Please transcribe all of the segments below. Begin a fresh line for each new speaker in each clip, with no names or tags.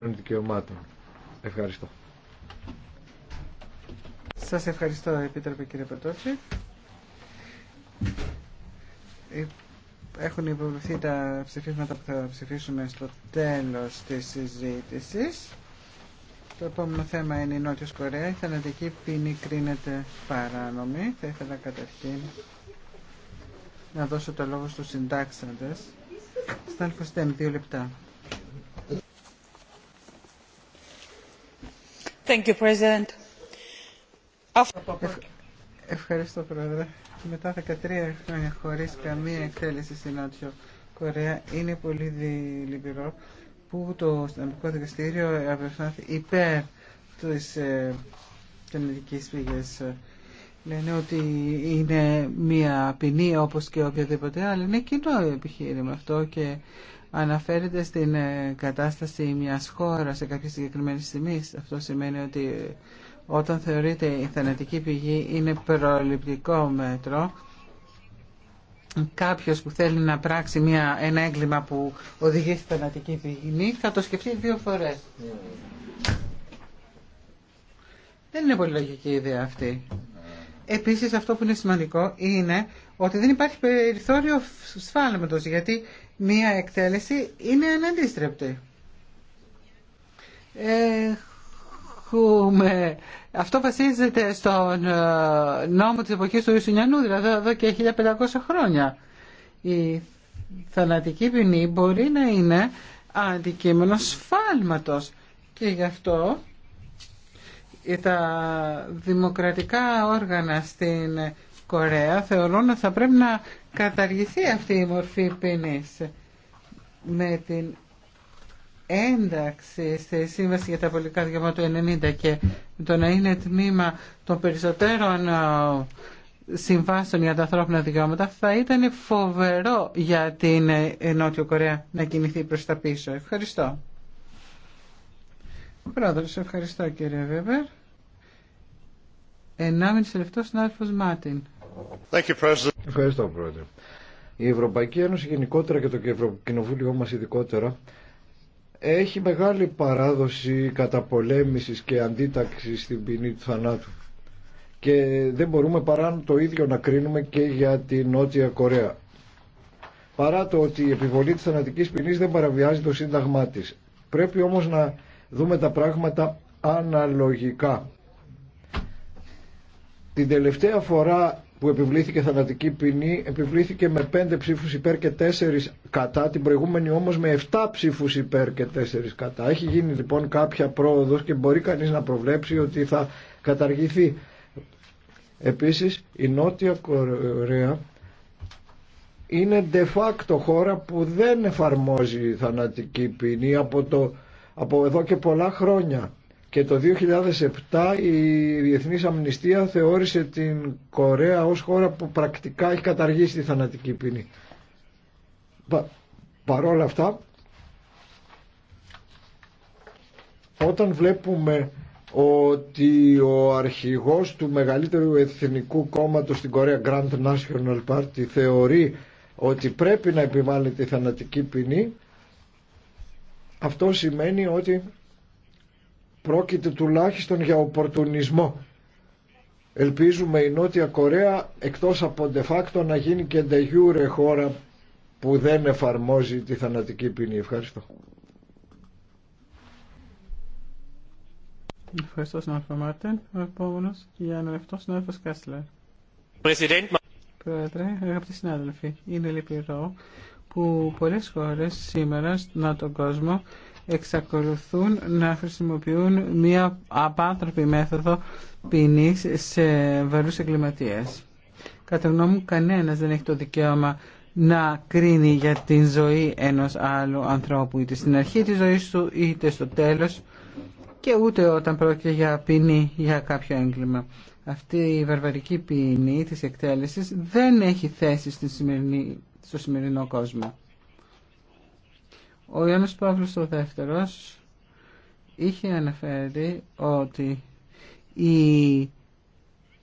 των δικαιωμάτων. Ευχαριστώ.
Σας ευχαριστώ Επίτροπε κύριε Πετώση. Ε, έχουν υποβληθεί τα ψηφίσματα που θα ψηφίσουμε στο τέλος της συζήτησης. Το επόμενο θέμα είναι η Νότιος Κορέα. Η θανατική ποινή κρίνεται παράνομη. Θα ήθελα καταρχήν να δώσω το λόγο στους συντάξαντες. Στάλφος δύο λεπτά. Ευχαριστώ, Πρόεδρε. Μετά 13 χρόνια χωρί καμία εκτέλεση στην Νότιο Κορέα, είναι πολύ λυπηρό που το Συνταγματικό Δικαστήριο απευθυνθεί υπέρ τη ε, κανονική πηγή. Λένε ότι είναι μία ποινή όπω και οποιαδήποτε άλλη. Είναι κοινό επιχείρημα αυτό και αναφέρεται στην ε, κατάσταση μιας χώρας σε κάποια συγκεκριμένη στιγμή. Αυτό σημαίνει ότι ε, όταν θεωρείται η θανατική πηγή είναι προληπτικό μέτρο. Κάποιος που θέλει να πράξει μια, ένα έγκλημα που οδηγεί στη θανατική πηγή θα το σκεφτεί δύο φορές. Ναι. Δεν είναι πολύ λογική ιδέα αυτή. Επίσης αυτό που είναι σημαντικό είναι ότι δεν υπάρχει περιθώριο σφάλματος γιατί μία εκτέλεση είναι αναντίστρεπτη. Έχουμε... Αυτό βασίζεται στον ε, νόμο της εποχής του Ιουσουνιανού, δηλαδή εδώ και 1500 χρόνια. Η θανατική ποινή μπορεί να είναι αντικείμενο σφάλματος και γι' αυτό ε, τα δημοκρατικά όργανα στην Κορέα θεωρούν ότι θα πρέπει να καταργηθεί αυτή η μορφή ποινής με την ένταξη στη Σύμβαση για τα Πολιτικά Δικαιώματα του 1990 και το να είναι τμήμα των περισσότερων ε, συμβάσεων για τα ανθρώπινα δικαιώματα θα ήταν φοβερό για την ε, Νότιο Κορέα να κινηθεί προς τα πίσω. Ευχαριστώ ευχαριστώ κύριε Βέβερ. Ενάμιση λεπτό συνάδελφο Μάτιν.
Ευχαριστώ, Πρόεδρε. Η Ευρωπαϊκή Ένωση γενικότερα και το Ευρωκοινοβούλιο μα ειδικότερα έχει μεγάλη παράδοση καταπολέμησης και αντίταξης στην ποινή του θανάτου. Και δεν μπορούμε παρά το ίδιο να κρίνουμε και για τη Νότια Κορέα. Παρά το ότι η επιβολή της θανατικής ποινής δεν παραβιάζει το σύνταγμά της. Πρέπει όμως να δούμε τα πράγματα αναλογικά. Την τελευταία φορά που επιβλήθηκε θανατική ποινή επιβλήθηκε με πέντε ψήφους υπέρ και 4 κατά, την προηγούμενη όμως με εφτά ψήφους υπέρ και 4 κατά. Έχει γίνει λοιπόν κάποια πρόοδος και μπορεί κανείς να προβλέψει ότι θα καταργηθεί. Επίσης η Νότια Κορέα είναι de facto χώρα που δεν εφαρμόζει θανατική ποινή από το από εδώ και πολλά χρόνια. Και το 2007 η διεθνή Αμνηστία θεώρησε την Κορέα ως χώρα που πρακτικά έχει καταργήσει τη θανατική ποινή. παρόλα αυτά, όταν βλέπουμε ότι ο αρχηγός του μεγαλύτερου εθνικού κόμματος στην Κορέα Grand National Party θεωρεί ότι πρέπει να επιβάλλεται η θανατική ποινή αυτό σημαίνει ότι πρόκειται τουλάχιστον για οπορτουνισμό. Ελπίζουμε η Νότια Κορέα εκτός από de facto να γίνει και de jure χώρα που δεν εφαρμόζει τη θανατική ποινή. Ευχαριστώ.
Ευχαριστώ συνάδελφε Μάρτεν. Ο επόμενος για ένα λεπτό συνάδελφος Κάσλερ. Πρόεδρε, αγαπητοί συνάδελφοι, είναι λυπηρό που πολλές χώρες σήμερα στον τον κόσμο εξακολουθούν να χρησιμοποιούν μία απάνθρωπη μέθοδο ποινή σε βαρούς εγκληματίες. Κατά γνώμη μου κανένας δεν έχει το δικαίωμα να κρίνει για την ζωή ενός άλλου ανθρώπου είτε στην αρχή της ζωής του είτε στο τέλος και ούτε όταν πρόκειται για ποινή για κάποιο έγκλημα αυτή η βαρβαρική ποινή της εκτέλεσης δεν έχει θέση στη στο σημερινό κόσμο. Ο Ιωάννης Παύλος ο δεύτερος είχε αναφέρει ότι η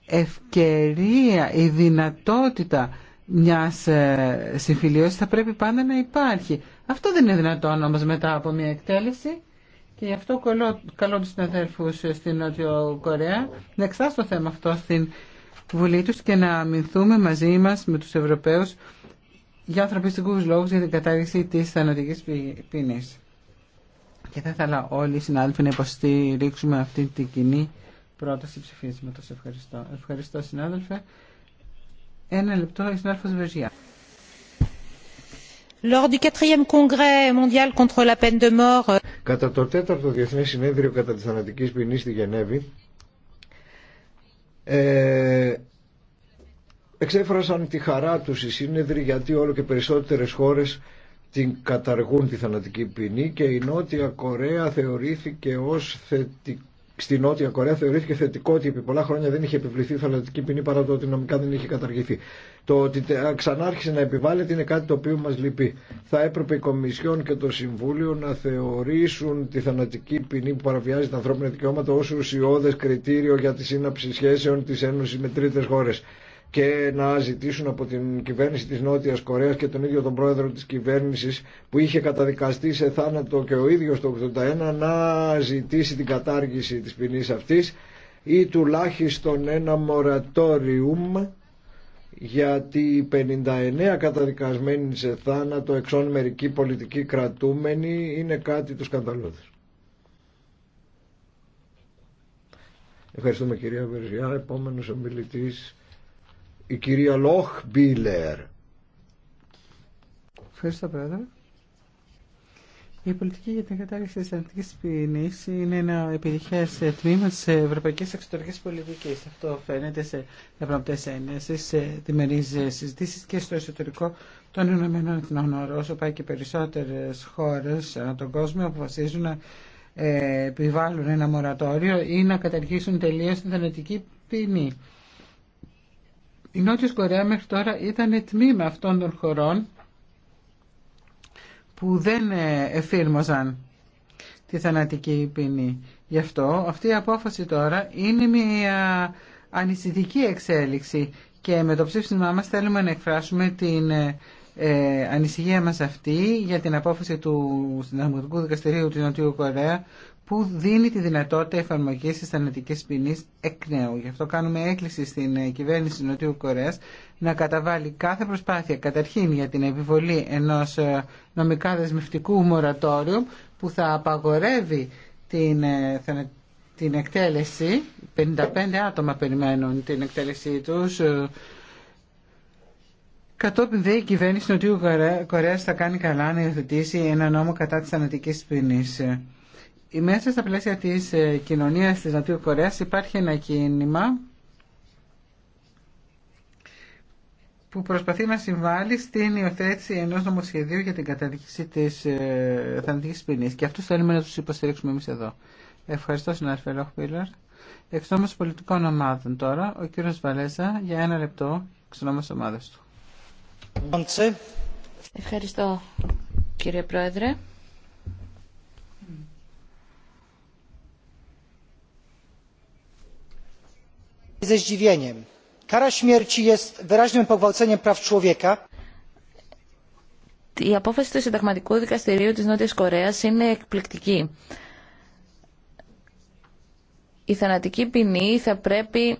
ευκαιρία, η δυνατότητα μιας ε, συμφιλίωσης θα πρέπει πάντα να υπάρχει. Αυτό δεν είναι δυνατόν όμως μετά από μια εκτέλεση. Και γι' αυτό καλώ, καλώ τους συναδέλφους στην Νότιο Κορέα να εξάσουν το θέμα αυτό στην Βουλή τους και να αμυνθούμε μαζί μας με τους Ευρωπαίους για ανθρωπιστικούς λόγους για την κατάργηση της θανατικής ποινής. Και θα ήθελα όλοι οι συνάδελφοι να υποστηρίξουμε αυτή την κοινή πρόταση ψηφίσματος. Ευχαριστώ. Ευχαριστώ συνάδελφε. Ένα λεπτό, η συνάδελφος Βεζιά. Lors du 4e congrès mondial contre la peine de mort,
Κατά το 4ο διεθνέ Συνέδριο κατά τη θανατική ποινή στη Γενέβη ε, εξέφρασαν τη χαρά τους οι σύνεδροι γιατί όλο και περισσότερες χώρες την καταργούν τη θανατική ποινή και η Νότια Κορέα θεωρήθηκε ως στη Νότια Κορέα θεωρήθηκε θετικό ότι επί πολλά χρόνια δεν είχε επιβληθεί θανατική ποινή παρά το ότι νομικά δεν είχε καταργηθεί. Το ότι ξανάρχισε να επιβάλλεται είναι κάτι το οποίο μας λυπεί. Θα έπρεπε η Κομισιόν και το Συμβούλιο να θεωρήσουν τη θανατική ποινή που παραβιάζει τα ανθρώπινα δικαιώματα ως ουσιώδες κριτήριο για τη σύναψη σχέσεων της Ένωσης με τρίτες χώρες και να ζητήσουν από την κυβέρνηση της Νότιας Κορέας και τον ίδιο τον πρόεδρο της κυβέρνησης που είχε καταδικαστεί σε θάνατο και ο ίδιος το 81 να ζητήσει την κατάργηση της ποινής αυτής ή τουλάχιστον ένα μορατόριουμ γιατί οι 59 καταδικασμένοι σε θάνατο εξών μερικοί πολιτικοί κρατούμενοι είναι κάτι του σκανδαλώδη. Ευχαριστούμε κυρία Βερζιά. Επόμενος ομιλητής η κυρία Λόχ Μπίλερ.
Ευχαριστώ πρόεδρε. Η πολιτική για την κατάρριξη τη αντική ποινή είναι ένα επιτυχέ τμήμα τη ευρωπαϊκή εξωτερική πολιτική. Αυτό φαίνεται σε διαπραγματέ έννοιε, σε διμερεί συζητήσει και στο εσωτερικό των Ηνωμένων Εθνών. Όσο πάει και περισσότερε χώρε ανά τον κόσμο αποφασίζουν να ε, επιβάλλουν ένα μορατόριο ή να καταργήσουν τελείω την θανατική ποινή. Η Νότιος Κορέα μέχρι τώρα ήταν τμήμα αυτών των χωρών που δεν ε, εφήρμοζαν τη θανατική ποινή. Γι' αυτό αυτή η απόφαση τώρα είναι μια ε, ανησυχητική εξέλιξη και με το ψήφισμά μας θέλουμε να εκφράσουμε την ε, ανησυχία μας αυτή για την απόφαση του Συνταγματικού Δικαστηρίου του Νοτιού Κορέα που δίνει τη δυνατότητα εφαρμογή τη θανατική ποινή εκ νέου. Γι' αυτό κάνουμε έκκληση στην ε, κυβέρνηση Νοτιού Κορέα να καταβάλει κάθε προσπάθεια καταρχήν για την επιβολή ενό ε, νομικά δεσμευτικού μορατόριου που θα απαγορεύει την, ε, την εκτέλεση. 55 άτομα περιμένουν την εκτέλεσή του, Κατόπιν δε η κυβέρνηση Νοτιού Κορέα θα κάνει καλά να υιοθετήσει ένα νόμο κατά τη θανατική ποινή μέσα στα πλαίσια της ε, κοινωνίας της Νοτιού Κορέας υπάρχει ένα κίνημα που προσπαθεί να συμβάλλει στην υιοθέτηση ενός νομοσχεδίου για την καταδίκηση της ε, θανατικής ποινής. Και αυτούς θέλουμε να τους υποστηρίξουμε εμείς εδώ. Ευχαριστώ, συνάδελφε πιλερ. Εξ πολιτικών ομάδων τώρα, ο κύριος Βαλέζα για ένα λεπτό, εξ ομάδες του. Ευχαριστώ, κύριε Πρόεδρε.
Η απόφαση του Συνταγματικού Δικαστηρίου της Νότιας Κορέας είναι εκπληκτική. Η θανατική ποινή θα πρέπει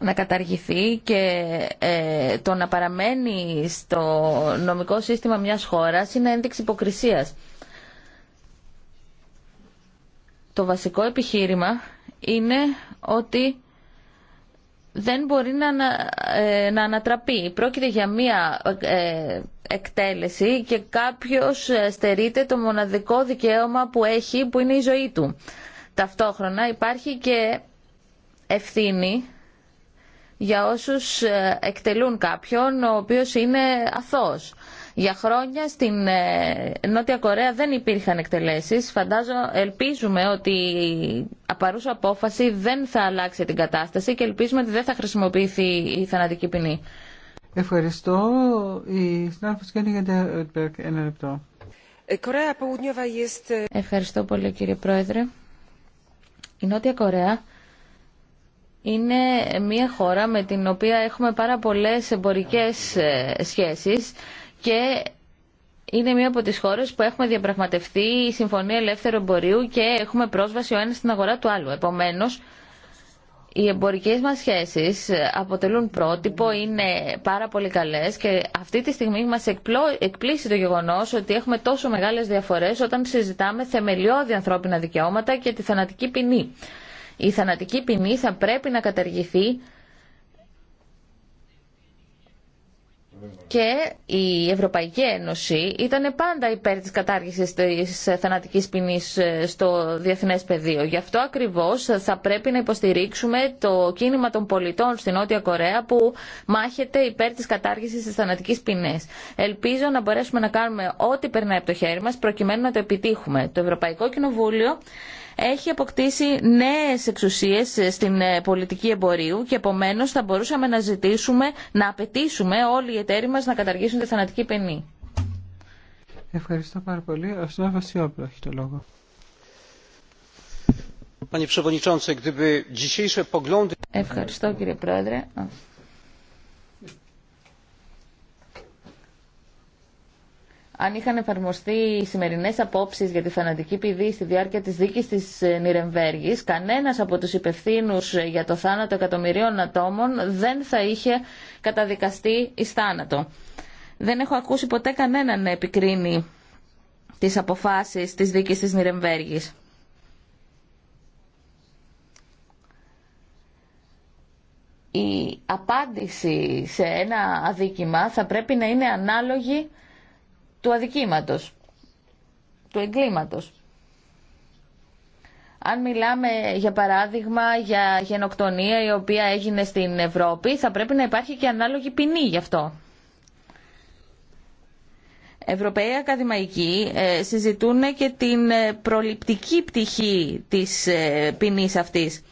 να καταργηθεί και ε, το να παραμένει στο νομικό σύστημα μιας χώρας είναι ένδειξη υποκρισίας. Το βασικό επιχείρημα είναι ότι δεν μπορεί να, ε, να ανατραπεί. Πρόκειται για μία ε, εκτέλεση και κάποιος στερείται το μοναδικό δικαίωμα που έχει, που είναι η ζωή του. Ταυτόχρονα υπάρχει και ευθύνη για όσους ε, εκτελούν κάποιον ο οποίος είναι αθώος. Για χρόνια στην ε, Νότια Κορέα δεν υπήρχαν εκτελέσεις. Φαντάζομαι, ελπίζουμε ότι η απαρούσα απόφαση δεν θα αλλάξει την κατάσταση και ελπίζουμε ότι δεν θα
χρησιμοποιηθεί η θανατική ποινή. Ευχαριστώ. Η συνάδελφος ένα ε, ε, Ευχαριστώ πολύ κύριε
Πρόεδρε. Η Νότια Κορέα είναι μια χώρα με την οποία έχουμε πάρα πολλές εμπορικές σχέσεις και είναι μία από τις χώρες που έχουμε διαπραγματευτεί η Συμφωνία Ελεύθερου Εμπορίου και έχουμε πρόσβαση ο ένας στην αγορά του άλλου. Επομένως, οι εμπορικές μας σχέσεις αποτελούν πρότυπο, είναι πάρα πολύ καλές και αυτή τη στιγμή μας εκπλήσει το γεγονός ότι έχουμε τόσο μεγάλες διαφορές όταν συζητάμε θεμελιώδη ανθρώπινα δικαιώματα και τη θανατική ποινή. Η θανατική ποινή θα πρέπει να καταργηθεί και η Ευρωπαϊκή Ένωση ήταν πάντα υπέρ της κατάργησης της θανατικής ποινής ε, στο διεθνές πεδίο. Γι' αυτό ακριβώς θα πρέπει να υποστηρίξουμε το κίνημα των πολιτών στην Νότια Κορέα που μάχεται υπέρ της κατάργησης της θανατικής ποινής. Ελπίζω να μπορέσουμε να κάνουμε ό,τι περνάει από το χέρι μας προκειμένου να το επιτύχουμε. Το Ευρωπαϊκό Κοινοβούλιο έχει αποκτήσει νέες εξουσίες ε, στην ε, πολιτική εμπορίου και επομένως θα μπορούσαμε να ζητήσουμε, να απαιτήσουμε όλοι οι εταίροι μας να καταργήσουν τη θανατική παινή.
Ευχαριστώ πάρα πολύ. Ο Σνάφας Βασιόπλου έχει το λόγο. Ευχαριστώ κύριε
Πρόεδρε. αν είχαν εφαρμοστεί οι σημερινέ απόψει για τη θανατική ποινή στη διάρκεια τη δίκη τη ε, Νιρεμβέργη, κανένα από του υπευθύνου ε, για το θάνατο εκατομμυρίων ατόμων δεν θα είχε καταδικαστεί ει θάνατο. Δεν έχω ακούσει ποτέ κανέναν να επικρίνει τι αποφάσει τη δίκη τη Νιρεμβέργη. Η απάντηση σε ένα αδίκημα θα πρέπει να είναι ανάλογη του αδικήματος, του εγκλήματος. Αν μιλάμε για παράδειγμα για γενοκτονία η οποία έγινε στην Ευρώπη, θα πρέπει να υπάρχει και ανάλογη ποινή γι' αυτό. Ευρωπαίοι ακαδημαϊκοί ε, συζητούν και την ε, προληπτική πτυχή της ε, ποινής αυτής.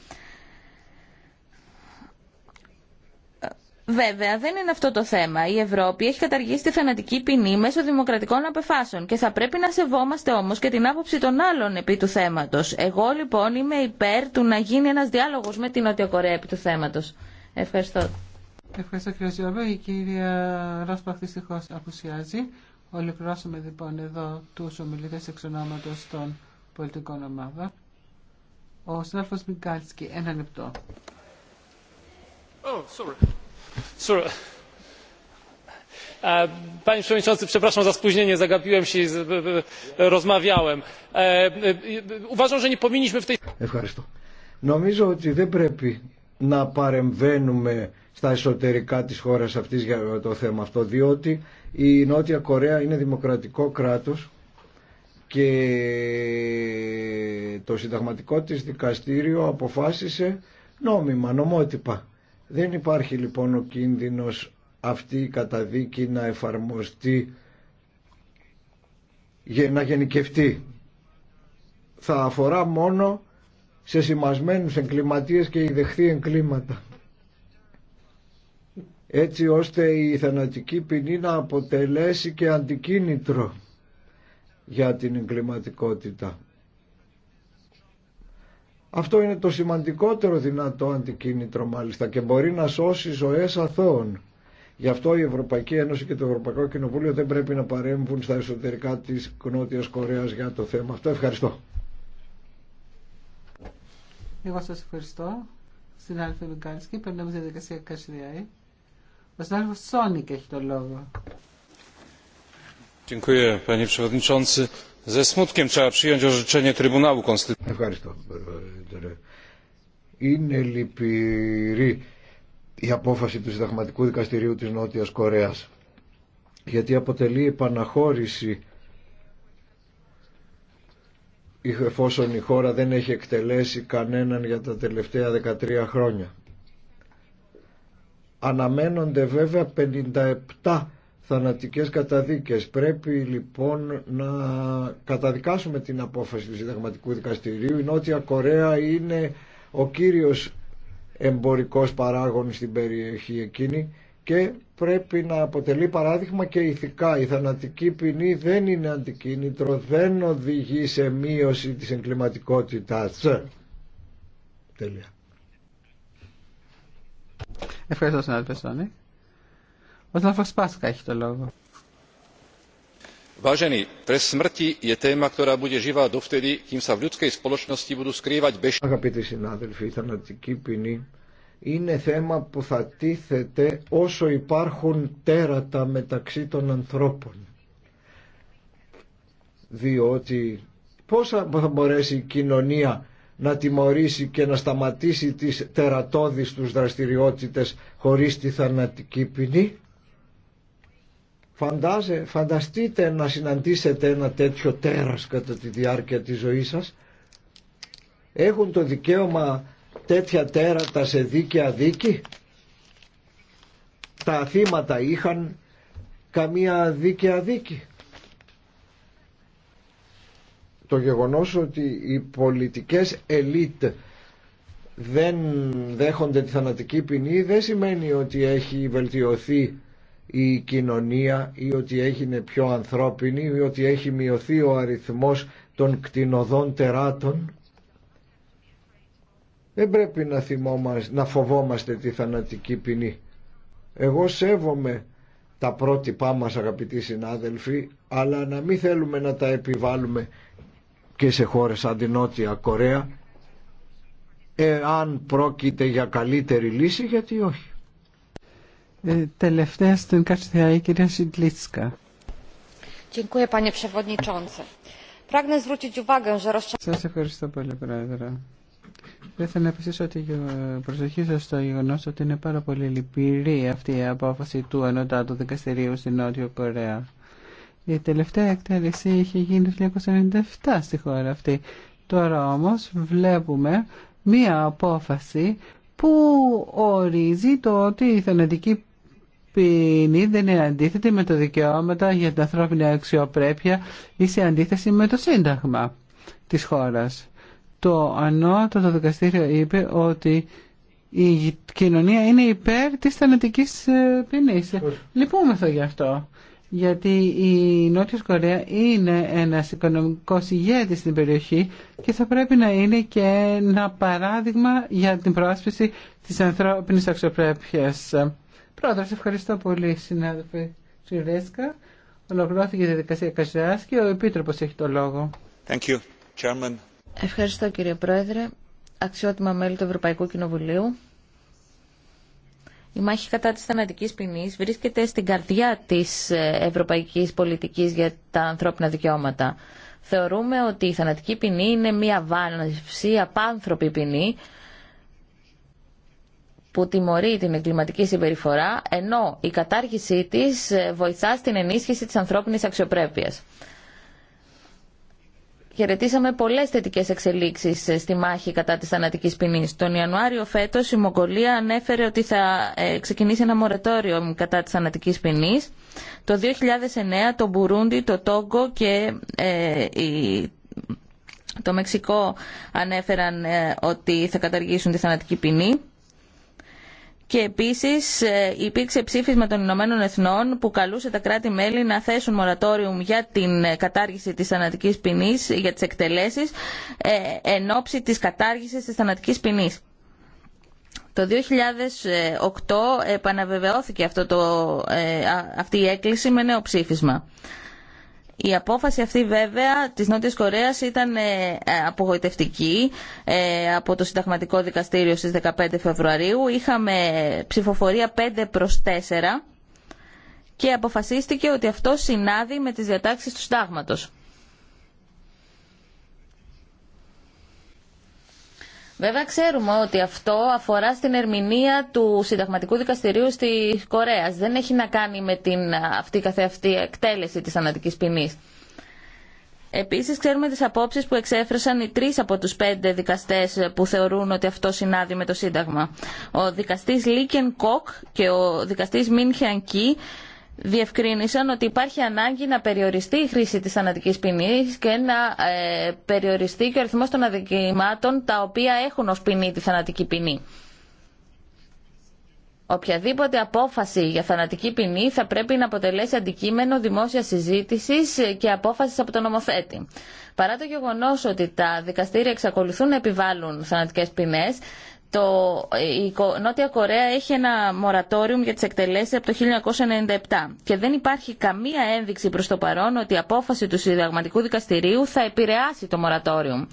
Βέβαια, δεν είναι αυτό το θέμα. Η Ευρώπη έχει καταργήσει τη θανατική ποινή μέσω δημοκρατικών απεφάσεων και θα πρέπει να σεβόμαστε όμω και την άποψη των άλλων επί του θέματο. Εγώ λοιπόν είμαι υπέρ του να γίνει ένα διάλογο με την Νότια Κορέα επί του θέματο.
Ευχαριστώ. Ευχαριστώ κύριε Ζιώβε. Η κυρία Ρόσπαχ δυστυχώ απουσιάζει. Ολοκληρώσαμε λοιπόν εδώ του ομιλητέ εξ ονόματο των πολιτικών ομάδων. Ο συνάδελφο Μιγκάλσκι, ένα λεπτό.
Oh, sorry.
E, panie przewodniczący! Νομίζω ότι δεν πρέπει να παρεμβαίνουμε στα εσωτερικά της χώρας αυτής για το θέμα αυτό διότι η Νότια Κορέα είναι δημοκρατικό κράτος και το συνταγματικό της δικαστήριο αποφάσισε νόμιμα, νομότυπα δεν υπάρχει λοιπόν ο κίνδυνος αυτή η καταδίκη να εφαρμοστεί, να γενικευτεί. Θα αφορά μόνο σε σημασμένους εγκληματίες και δεχθεί εγκλήματα. Έτσι ώστε η θανατική ποινή να αποτελέσει και αντικίνητρο για την εγκληματικότητα. Αυτό είναι το σημαντικότερο δυνατό αντικίνητρο μάλιστα και μπορεί να σώσει ζωές αθώων. Γι' αυτό η Ευρωπαϊκή Ένωση και το Ευρωπαϊκό Κοινοβούλιο δεν πρέπει να παρέμβουν στα εσωτερικά της Νότιας Κορέας για το θέμα αυτό. Ευχαριστώ.
Εγώ σας ευχαριστώ. Άλφα Λουγκάνσκι, περνάμε στη διαδικασία Κασιδιάη. Ο συνάδελφος Σόνικ έχει το λόγο.
Dziękuję, panie przewodniczący. Ze smutkiem trzeba przyjąć orzeczenie Trybunału Konstytucyjnego. Είναι λυπηρή η απόφαση του Συνταγματικού Δικαστηρίου της Νότιας Κορέας γιατί αποτελεί επαναχώρηση εφόσον η χώρα δεν έχει εκτελέσει κανέναν για τα τελευταία 13 χρόνια. Αναμένονται βέβαια 57 θανατικές καταδίκες. Πρέπει λοιπόν να καταδικάσουμε την απόφαση του Συνταγματικού Δικαστηρίου. Η Νότια Κορέα είναι ο κύριος εμπορικός παράγων στην περιοχή εκείνη και πρέπει να αποτελεί παράδειγμα και ηθικά. Η θανατική ποινή δεν είναι αντικίνητρο, δεν οδηγεί σε μείωση της εγκληματικότητας. Τέλεια.
Ευχαριστώ συνάδελφε Σανή. Ο Σλαφός έχει το λόγο.
Αγαπητοί συνάδελφοι, η θανατική ποινή είναι θέμα που θα τίθεται όσο υπάρχουν τέρατα μεταξύ των ανθρώπων. Διότι πόσα θα μπορέσει η κοινωνία να τιμωρήσει και να σταματήσει τις τερατώδεις τους δραστηριότητες χωρί τη θανατική ποινή. Φαντάζε, φανταστείτε να συναντήσετε ένα τέτοιο τέρας κατά τη διάρκεια της ζωής σας. Έχουν το δικαίωμα τέτοια τέρατα σε δίκαια δίκη. Τα θύματα είχαν καμία δίκαια δίκη. Το γεγονός ότι οι πολιτικές ελίτ δεν δέχονται τη θανατική ποινή δεν σημαίνει ότι έχει βελτιωθεί η κοινωνία ή ότι έγινε πιο ανθρώπινη ή ότι έχει μειωθεί ο αριθμός των κτηνοδών τεράτων. Δεν πρέπει να, θυμόμαστε, να φοβόμαστε τη θανατική ποινή. Εγώ σέβομαι τα πρότυπά μας αγαπητοί συνάδελφοι, αλλά να μην θέλουμε να τα επιβάλλουμε και σε χώρες σαν την Νότια Κορέα, εάν πρόκειται για καλύτερη λύση, γιατί όχι.
Ε, τελευταία στην Κατσουδιά, η κυρία Σιντλίτσκα. Σας ευχαριστώ πολύ, Πρόεδρε. Θα ήθελα να επιστήσω ότι προσοχή σα στο γεγονό ότι είναι πάρα πολύ λυπηρή αυτή η απόφαση του Ανώτατου Δικαστηρίου στην Νότιο Κορέα. Η τελευταία εκτέλεση είχε γίνει το 1997 στη χώρα αυτή. Τώρα όμω βλέπουμε μία απόφαση που ορίζει το ότι η θανατική ποινή δεν είναι αντίθετη με τα δικαιώματα για την ανθρώπινη αξιοπρέπεια ή σε αντίθεση με το σύνταγμα της χώρας. Το ανώτατο δικαστήριο είπε ότι η κοινωνία είναι υπέρ της θανατικής ε, ποινής. Λυπούμεθα γι' αυτό. Γιατί η Νότια Κορέα είναι ένας οικονομικός ηγέτης στην περιοχή και θα πρέπει να είναι και ένα παράδειγμα για την πρόσφυση της ανθρώπινης αξιοπρέπειας. Πρόεδρος, ευχαριστώ πολύ συνάδελφε Τσιρέσκα. Ολοκληρώθηκε η διαδικασία Καζιάς και ο επίτροπο έχει το λόγο. Thank you, Chairman. Ευχαριστώ κύριε Πρόεδρε, αξιότιμα μέλη του Ευρωπαϊκού Κοινοβουλίου.
Η μάχη κατά της θανατικής ποινής βρίσκεται στην καρδιά της ε, ευρωπαϊκής πολιτικής για τα ανθρώπινα δικαιώματα. Θεωρούμε ότι η θανατική ποινή είναι μια βάναυση, απάνθρωπη ποινή, που τιμωρεί την εγκληματική συμπεριφορά, ενώ η κατάργησή της ε, βοηθά στην ενίσχυση της ανθρώπινης αξιοπρέπειας. Χαιρετήσαμε πολλές θετικές εξελίξεις ε, στη μάχη κατά της θανατικής ποινής. Τον Ιανουάριο φέτος η Μογγολία ανέφερε ότι θα ε, ξεκινήσει ένα μορατόριο κατά της θανατικής ποινής. Το 2009 το Μπουρούντι, το Τόγκο και το Μεξικό ανέφεραν ότι θα καταργήσουν τη θανατική ποινή. Και επίσης ε, υπήρξε ψήφισμα των Ηνωμένων Εθνών που καλούσε τα κράτη-μέλη να θέσουν μορατόριουμ για την ε, κατάργηση της θανατικής ποινής, για τις εκτελέσεις, ε, εν ώψη της κατάργησης της θανατικής ποινής. Το 2008 επαναβεβαιώθηκε αυτό το, αυτή η έκκληση με νέο ψήφισμα. Η απόφαση αυτή βέβαια της Νότιας Κορέας ήταν ε, ε, απογοητευτική ε, από το Συνταγματικό Δικαστήριο στις 15 Φεβρουαρίου. Είχαμε ψηφοφορία 5 προς 4 και αποφασίστηκε ότι αυτό συνάδει με τις διατάξεις του Συντάγματος. Βέβαια ξέρουμε ότι αυτό αφορά στην ερμηνεία του Συνταγματικού Δικαστηρίου στη Κορέα. Δεν έχει να κάνει με την αυτή καθεαυτή εκτέλεση της ανατικής ποινή. Επίσης ξέρουμε τις απόψεις που εξέφρασαν οι τρεις από τους πέντε δικαστές που θεωρούν ότι αυτό συνάδει με το Σύνταγμα. Ο δικαστής Λίκεν Κοκ και ο δικαστής Μιν Χιαν διευκρίνησαν ότι υπάρχει ανάγκη να περιοριστεί η χρήση της θανατικής ποινή και να ε, περιοριστεί και ο αριθμός των αδικημάτων τα οποία έχουν ως ποινή τη θανατική ποινή. Οποιαδήποτε απόφαση για θανατική ποινή θα πρέπει να αποτελέσει αντικείμενο δημόσια συζήτησης και απόφασης από τον νομοθέτη. Παρά το γεγονός ότι τα δικαστήρια εξακολουθούν να επιβάλλουν θανατικές ποινές, το, η Νότια Κορέα έχει ένα μορατόριο για τις εκτελέσεις από το 1997 και δεν υπάρχει καμία ένδειξη προς το παρόν ότι η απόφαση του Συνταγματικού Δικαστηρίου θα επηρεάσει το μορατόριο.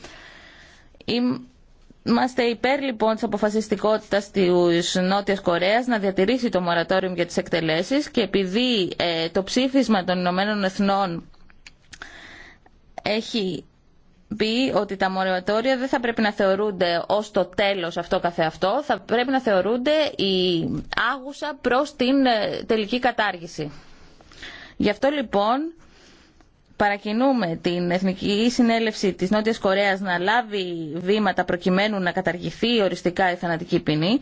Είμαστε υπέρ λοιπόν της αποφασιστικότητας της Νότιας Κορέας να διατηρήσει το μορατόριο για τις εκτελέσεις και επειδή ε, το ψήφισμα των Ηνωμένων Εθνών έχει πει ότι τα μορατόρια δεν θα πρέπει να θεωρούνται ως το τέλος αυτό καθεαυτό, θα πρέπει να θεωρούνται η άγουσα προς την ε, τελική κατάργηση. Γι' αυτό λοιπόν παρακινούμε την Εθνική Συνέλευση της Νότιας Κορέας να λάβει βήματα προκειμένου να καταργηθεί οριστικά η θανατική ποινή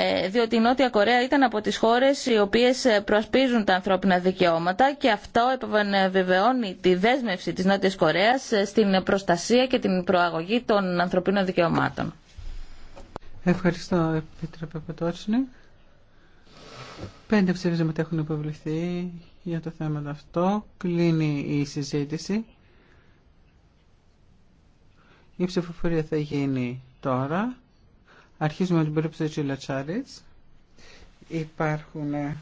ε, διότι η Νότια Κορέα ήταν από τις χώρες οι οποίες ε, προσπίζουν τα ανθρώπινα δικαιώματα και αυτό επιβεβαιώνει τη δέσμευση της Νότιας Κορέας ε, στην προστασία και την προαγωγή των
ανθρωπίνων δικαιωμάτων. Ευχαριστώ, Επίτροπε Πετώσνη. Πέντε ψηφίσματα έχουν υποβληθεί για το θέμα αυτό. Κλείνει η συζήτηση. Η ψηφοφορία θα γίνει τώρα. Αρχίζουμε με την περίπτωση της Λατσάρη. Υπάρχουν ε,